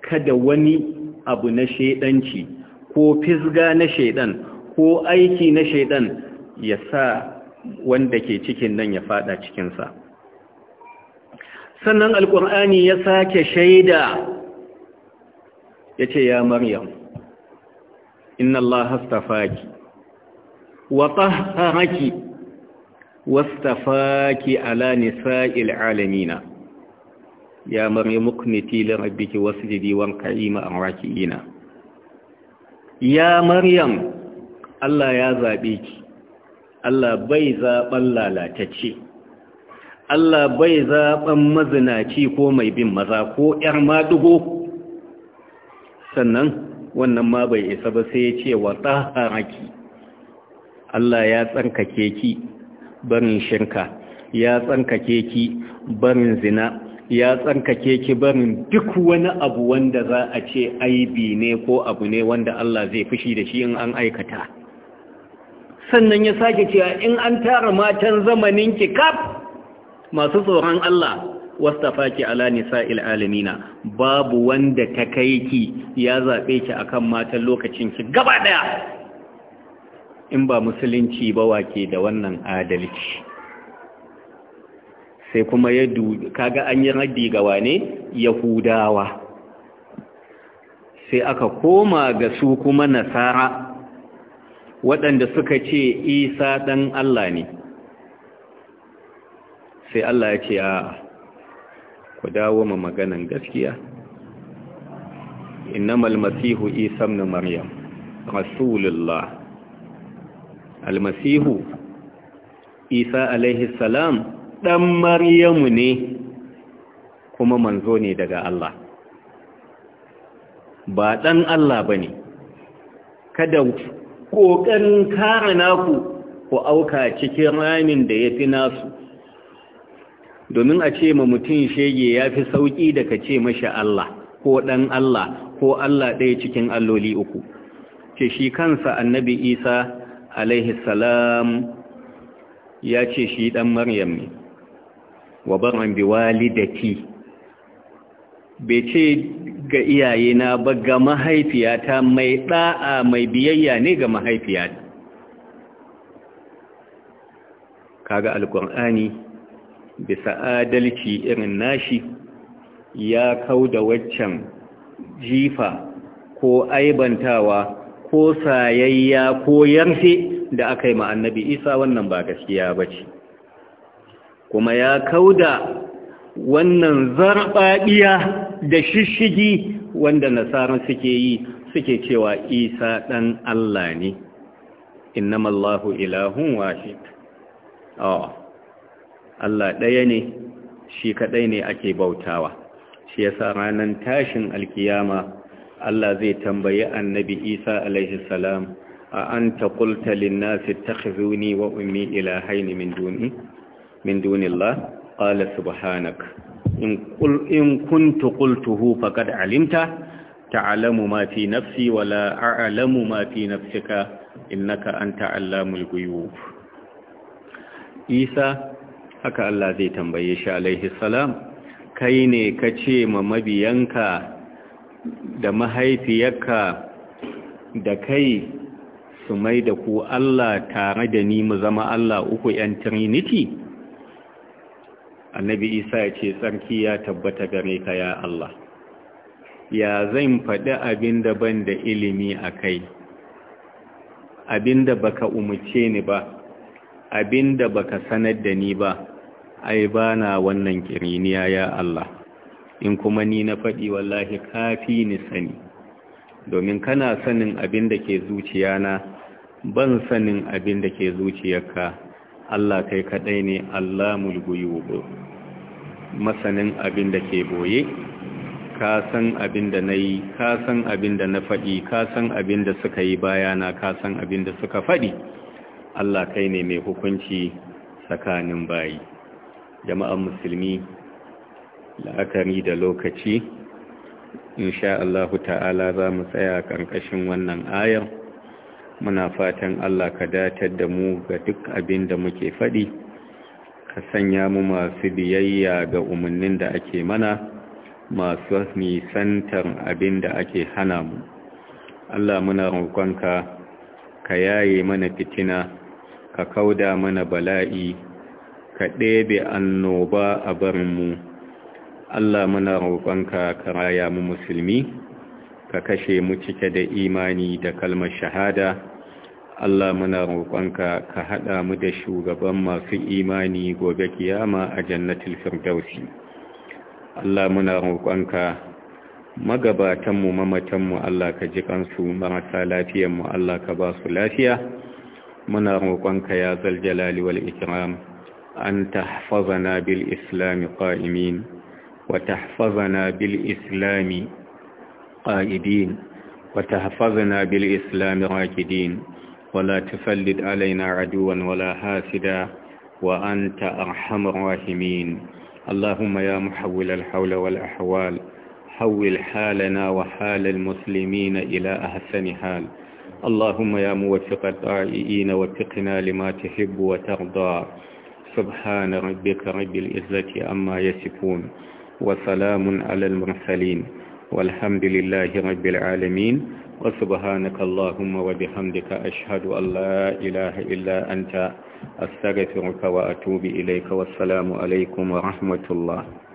kada wani abu na shaidanci ko fisga na shaidan ko aiki na shaidan ya sa wanda ke cikin nan ya fada cikinsa sannan alƙur'ani ya sake shaida ya ce ya maryam inna Allah astafaki wa tahharaki wastafaki ala nisa'il alamina ya maryam ukniti li rabbiki wasjidi warka'i ma'ar raki'ina ya maryam Allah ya zabe ki Allah bai zaɓan lalatacce Allah bai zaɓen mazinaci ko mai bin maza ko ‘yar maɗugo sannan wannan ma bai isa ba sai ya ce wa tsaharaki Allah ya tsankake ki barin shinka, ya tsankake ki barin zina ya tsankake ki barin duk wani abu wanda za a ce aibi ne ko abu ne wanda Allah zai fushi da shi in an aikata sannan ya sake cewa in an tara matan zamaninki kaf masu tsoron Allah faki ala nisa'il alamina babu wanda ta kai ki ya zabe ki akan matan lokacin ki gaba daya in ba musulunci ba wake da wannan adalci sai kuma ya kaga an yi raddi ga wane yahudawa sai aka koma ga su kuma nasara waɗanda suka ce isa ɗan Allah ne sai Allah ya ce a ku dawo ma maganan gaskiya innamal masihu isa ibn maryam rasulullah almasihu isa alaihi salam dan maryamu ne kuma manzo ne daga Allah ba dan Allah bane kada kokarin kare naku ku auka cikin ramin da yafi nasu domin a ce ma mutum shege ya fi sauƙi da ce mashi Allah ko ɗan Allah ko Allah ɗaya cikin alloli uku ce shi kansa annabi isa alaihi salam ya ce shi ɗan maryam ne wa baran bi walidati bai ce ga iyaye na ba ga mahaifiyata mai ɗa'a mai biyayya ne ga mahaifiyata kaga alƙur'ani bisa adalci irin nashi ya kau da waccan jifa ko aibantawa ko sayayya ko yarfe da aka yi annabi isa wannan ba gaskiya ba ce kuma ya kau da wannan zarɓaɓiya da shishigi wanda nasarar suke yi suke cewa isa ɗan allah ne innamallahu ilahun washit oh. Ah. Allah ɗaya ne shi kaɗai ne ake bautawa shi sa ranar tashin alkiyama Allah zai tambayi annabi Isa alaihi salam a an taƙulta kulta linnasi ta khizuni wa ummi ilahaini min dunillah subhanak in qul in kuntu qultuhu faqad alimta ta'lamu ma fi nafsi wala la ma fi nafsika innaka anta allamul ghuyub Isa haka Allah zai tambaye shi alaihi salam kai ne ka ce ma mabiyanka da mahaifiyarka da kai su mai da ku Allah tare da ni mu zama Allah uku ‘yan Trinity? Annabi Isa ya ce tsarki ya tabbata gare ka ya Allah. Ya zan faɗi abin da ban da ilimi a kai, abin da ka umarce ni ba, abin da ka sanar da ni ba, ai ba na wannan kiriniya ya Allah in kuma ni na faɗi wallahi kafi ni sani domin kana sanin abin da ke zuciyana ban sanin abin da ke zuciyarka Allah kai kaɗai ne Allah mulguyubu masanin abin da ke boye ka san abin da na yi ka san abin da na faɗi ka san abin da suka yi bayana ka san abin da suka faɗi Allah kai ne mai hukunci tsakanin bayi jama'an musulmi la'akari da lokaci insha Allah ta'ala za mu tsaya ƙarƙashin wannan ayar muna fatan Allah ka datar da mu ga duk abin da muke faɗi ka sanya mu masu biyayya ga umarnin da ake mana masu nisantar abin da ake hana mu Allah muna roƙonka ka yaye mana fitina ka kauda mana bala'i ka ɗebe annoba a barinmu Allah muna roƙonka ka raya mu musulmi ka kashe mu cike da imani da kalmar shahada Allah muna roƙonka ka haɗa mu da shugaban masu imani gobe kiyama a jannatul firdausi Allah muna roƙonka magabatanmu mamatanmu Allah ka ji kansu marasa lafiyanmu Allah ka ba su lafiya muna roƙonka ya zal jalali wal ikram أن تحفظنا بالإسلام قائمين وتحفظنا بالإسلام قائدين وتحفظنا بالإسلام راكدين ولا تفلد علينا عدوا ولا حاسدا وأنت أرحم الراحمين اللهم يا محول الحول والأحوال حول حالنا وحال المسلمين إلى أحسن حال اللهم يا موفق الطائعين وفقنا لما تحب وترضى سبحان ربك رب العزة عما يصفون وسلام على المرسلين والحمد لله رب العالمين وسبحانك اللهم وبحمدك أشهد أن لا إله إلا أنت أستغفرك وأتوب إليك والسلام عليكم ورحمة الله